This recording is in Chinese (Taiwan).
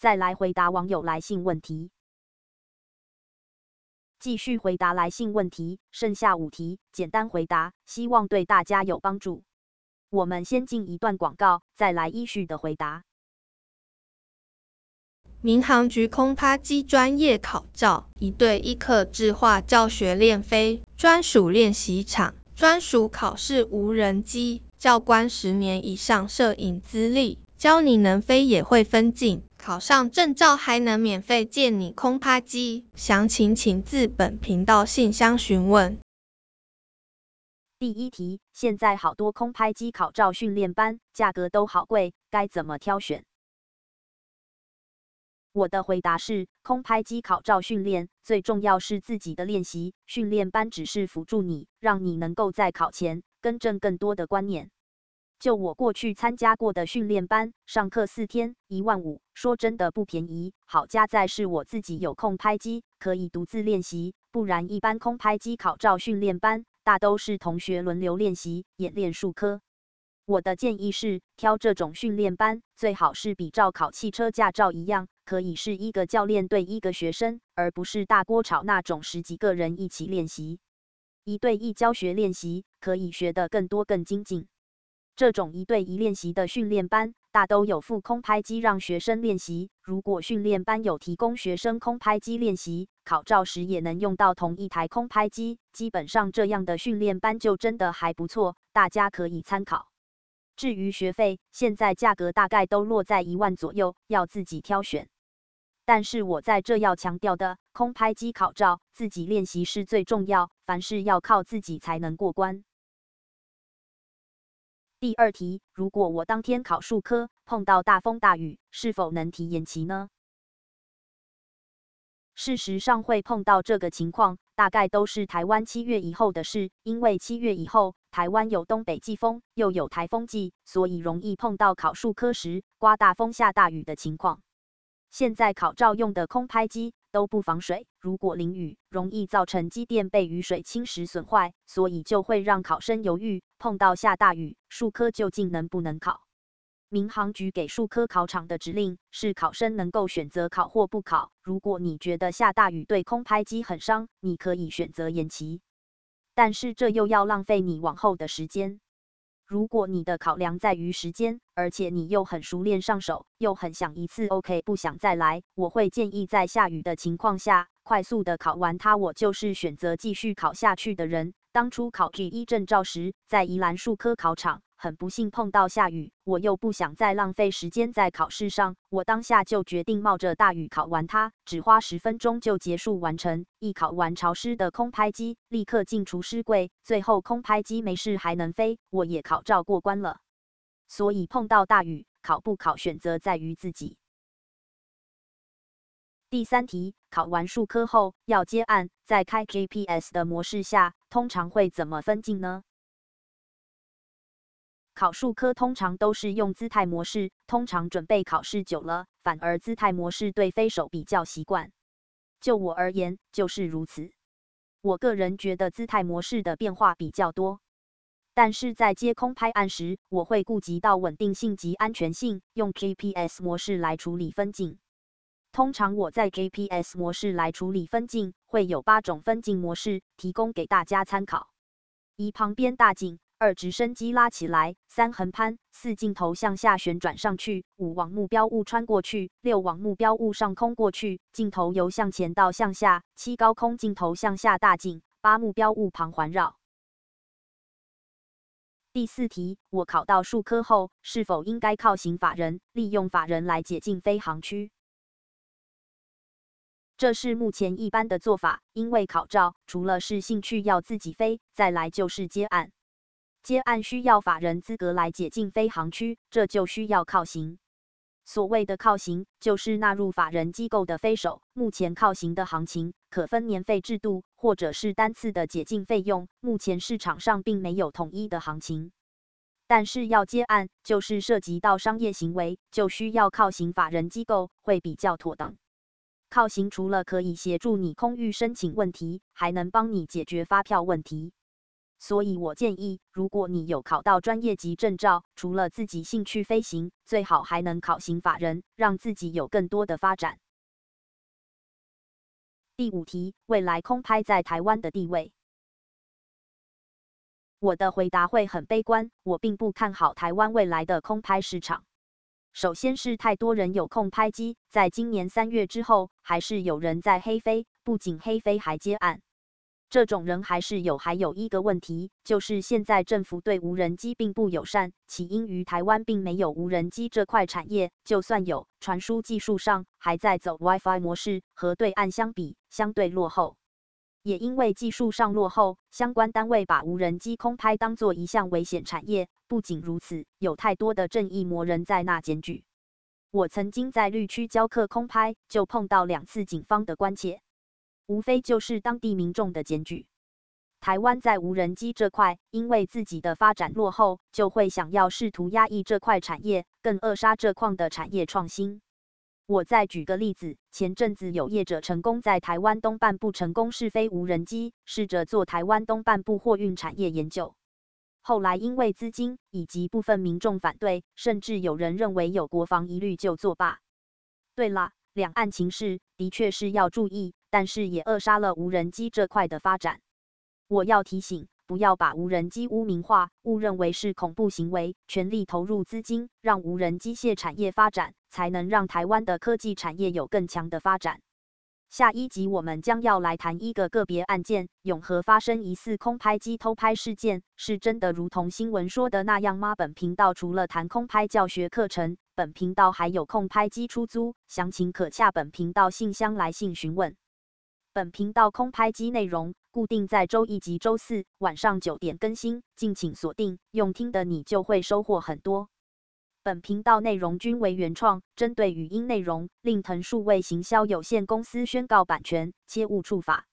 再來回答網友來信問題，繼續回答來信問題，剩下五題，簡單回答，希望對大家有幫助。我們先進一段廣告，再來依序的回答。民航局空拍機專業考照，一對一客製化教學練飛，專屬練習場，專屬考試無人機，教官十年以上攝影資歷。教你能飛也會分鏡，考上證照還能免費借你空拍機，詳情請自本頻道信箱詢問。第一題，現在好多空拍機考照訓練班，價格都好貴，該怎麼挑選？我的回答是，空拍機考照訓練最重要是自己的練習，訓練班只是輔助你，讓你能夠在考前更正更多的觀念。就我過去參加過的訓練班，上課四天一萬五，說真的不便宜。好加在是我自己有空拍機，可以獨自練習。不然一般空拍機考照訓練班，大都是同學輪流練習，演練術科。我的建議是，挑這種訓練班，最好是比照考汽車駕照一樣，可以是一個教練對一個學生，而不是大鍋炒那種十幾個人一起練習，一對一教學練習，可以學得更多更精進。這種一對一練習的訓練班，大都有附空拍機讓學生練習。如果訓練班有提供學生空拍機練習，考照時也能用到同一台空拍機。基本上這樣的訓練班就真的還不錯，大家可以參考。至於學費，現在價格大概都落在一萬左右，要自己挑選。但是我在這要強調的，空拍機考照自己練習是最重要，凡事要靠自己才能過關。第二題，如果我當天考術科，碰到大風大雨，是否能提延期呢？事實上，會碰到這個情況，大概都是台灣七月以後的事，因為七月以後台灣有東北季風，又有台風季，所以容易碰到考術科時刮大風下大雨的情況。現在考照用的空拍機。都不防水，如果淋雨，容易造成機電被雨水侵蝕損壞，所以就會讓考生猶豫。碰到下大雨，術科究竟能不能考？民航局給術科考場的指令是考生能夠選擇考或不考。如果你覺得下大雨對空拍機很傷，你可以選擇延期，但是這又要浪費你往後的時間。如果你的考量在於時間，而且你又很熟練上手，又很想一次 OK 不想再來，我會建議在下雨的情況下快速的考完它，我就是選擇繼續考下去的人。當初考 G 一證照時，在宜蘭術科考場，很不幸碰到下雨，我又不想再浪費時間在考試上，我當下就決定冒着大雨考完它，只花十分鐘就結束完成。一考完，潮濕的空拍機立刻進除濕櫃，最後空拍機沒事還能飛，我也考照過關了。所以碰到大雨，考不考選擇在於自己。第三題，考完術科後要接案，在開 GPS 的模式下，通常會怎麼分鏡呢？考術科通常都是用姿態模式，通常準備考試久了，反而姿態模式對飛手比較習慣。就我而言，就是如此。我個人覺得姿態模式的變化比較多，但是在接空拍案時，我會顧及到穩定性及安全性，用 GPS 模式來處理分鏡。通常我在 GPS 模式來處理分鏡。會有八種分鏡模式提供給大家參考：一、旁邊大鏡；二、直升機拉起來；三、橫攀；四、鏡頭向下旋轉上去；五、往目標物穿過去；六、往目標物上空過去，鏡頭由向前到向下；七、高空鏡頭向下大鏡；八、目標物旁環繞。第四題，我考到術科後，是否應該靠行法人，利用法人來解禁飛航區？這是目前一般的做法，因為考照除了是興趣要自己飛，再來就是接案。接案需要法人資格來解禁飛行區，這就需要靠行。所謂的靠行，就是納入法人機構的飛手。目前靠行的行情，可分年費制度或者是單次的解禁費用。目前市場上並沒有統一的行情，但是要接案，就是涉及到商業行為，就需要靠行法人機構會比較妥當。靠行除了可以協助你空域申請問題，還能幫你解決發票問題。所以，我建議，如果你有考到專業級證照，除了自己興趣飛行，最好還能靠行法人，讓自己有更多的發展。第五題，未來空拍在台灣的地位，我的回答會很悲觀，我並不看好台灣未來的空拍市場。首先是太多人有空拍機，在今年三月之後，還是有人在黑飛，不僅黑飛還接案，這種人還是有。還有一個問題，就是現在政府對無人機並不友善，起因於台灣並沒有無人機這塊產業，就算有，傳輸技術上還在走 WiFi 模式，和對岸相比，相對落後。也因為技術上落後，相關單位把無人機空拍當做一項危險產業。不僅如此，有太多的正義魔人在那檢舉。我曾經在綠區教課空拍，就碰到兩次警方的關切，無非就是當地民眾的檢舉。台灣在無人機這塊，因為自己的發展落後，就會想要試圖壓抑這塊產業，更扼殺這塊的產業創新。我再舉個例子，前陣子有業者成功在台灣東半部成功試飛無人機，試着做台灣東半部貨運產業研究。後來因為資金以及部分民眾反對，甚至有人認為有國防疑慮就作罷。對啦，兩岸情勢的確是要注意，但是也扼殺了無人機這塊的發展。我要提醒，不要把無人機污名化，誤認為是恐怖行為，全力投入資金，讓無人機械產業發展。才能讓台灣的科技產業有更強的發展。下一集我們將要來談一個個別案件，永和發生疑似空拍機偷拍事件，是真的如同新聞說的那樣嗎？媽，本頻道除了談空拍教學課程，本頻道還有空拍機出租，詳情可洽本頻道信箱來信詢問。本頻道空拍機內容固定在周一及周四晚上九點更新，敬請鎖定。用聽的你就會收穫很多。本頻道內容均為原創，針對語音內容，令騰數位行銷有限公司宣告版權，切勿觸法。